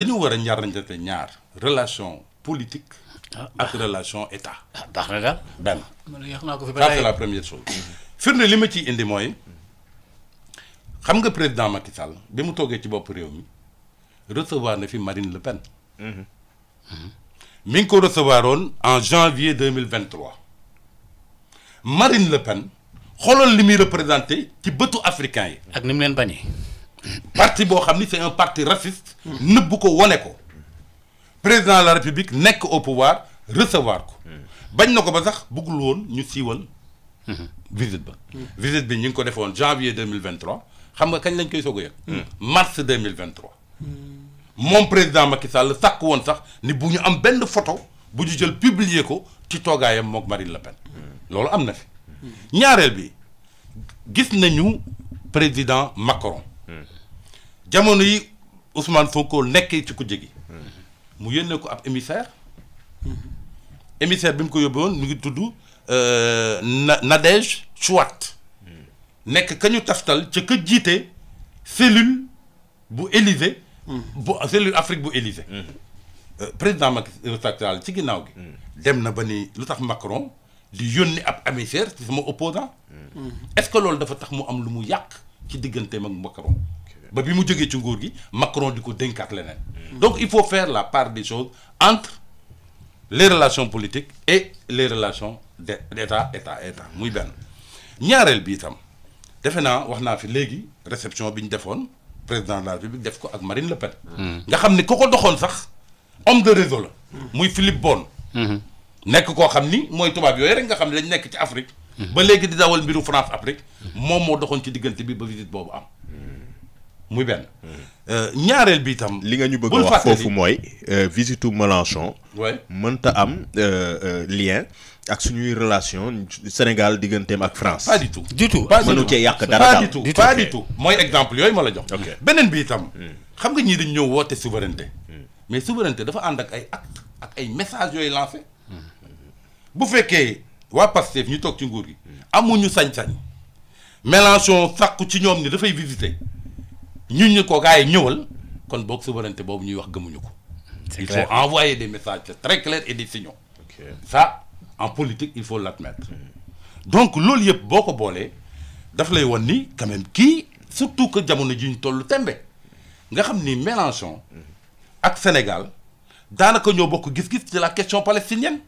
dañu ñaar a njarante ñaar relation politique. Ah, ak relation état. Ah, baax na daal benn. ça c'est la première chose. firnde li ma ciy indi mooy xam nga président Macky bi mu toogee ci bopp réew mi recevoir na fi Marine Le Pen. Mhm. mi ko recevoir woon en janvier deux mille vingt trois Marine Le Pen xoolal li muy représenté ci bëtu africain yi. ak ni mu parti boo xam ni c'est un parti raciste. nëbb ko wane ko président de la république nekk au pouvoir recevoir ko hmm. bañ na ko ba sax bëggul woon ñu siiwal hmm. visite ba hmm. visite bi ñu ngi ko defoon janvier 2023 xam nga kañ lañ koy soog a yëg mars 2023 moom président Macky Sall sàkk woon sax ni bu ñu am benn photo bu ñu jël publier ko ci toogaayam mook Marine Le Pen loolu am na fi ñaareel bi gis nañu président Macron jamono yi Ousmane Sonko nekkee ci kujje gi mu yónnee ko ab émissaire émissaire bi mu ko yóbboon mu ngi tudd euh, na Nadège Chouat nekk ka ñu taftal ca ka jiite cellule bu Élysée bu cellule Afrique bu Élysée euh, président Macky Sall ci ginnaaw gi dem na ba ni lu tax Macron di yónni ab émissaire ci sama opposant est-ce que loolu dafa tax mu am lu mu yàq ci digganteem ak Macron ba bi mu jógee ci nguur gi Macron di ko dénkaat leneen. donc il faut faire la part des choses entre les relations politiques et les relations de d'état état état muy benn. ñaareel bi itam defe naa wax naa fi léegi réception bi ñu defoon président de la République def ko ak Marine la Pen. Mm. nga xam ni ko ko doxoon sax homme de réseau la. muy Philippe Bonne. Mm-hmm. nekk koo xam ni mooy tubaab yooyu rek nga xam ne dañ nekk ci Afrique. Mm-hmm. ba léegi di dawal mbiru France Afrique. moom moo doxoon ci diggante bi ba visite boobu am. muy benn. Euh, ñaareel bi itam. li nga ñu bëgg a wax foofu mooy. Euh, visitu Mélenchon. waay mënta am euh, lien ak ñuy relation Sénégal digganteem ak France. pas du mënu cee yàq dara daal du tout pas mooy exemple yooyu ma la jox. beneen bi itam. Hmm. xam nga ñii dañ ñëw woote souveraineté. Hmm. mais souveraineté dafa ànd ak ay acte ak ay messages yooyu lancé. bu fekkee waa Pastef ñu toog ci nguur gi. Hmm. amuñu sañ-sañ. Mélenchon sàkku ci ñoom ni dafay visiter. ñu ñu ko gars yi ñëwal kon boog souveraineté boobu ñuy wax gëmuñu ko. il faut envoyé des message très clairs et des signaux. ça en politique il faut l'admettre. Mm. donc loolu yëpp boo ko boolee daf lay wan ni quand kii surtout que jamono ji ñu toll tembe nga xam ni Mélenchon mm. ak Sénégal daanaka ñoo bokk gis-gis ci la question palestinienne.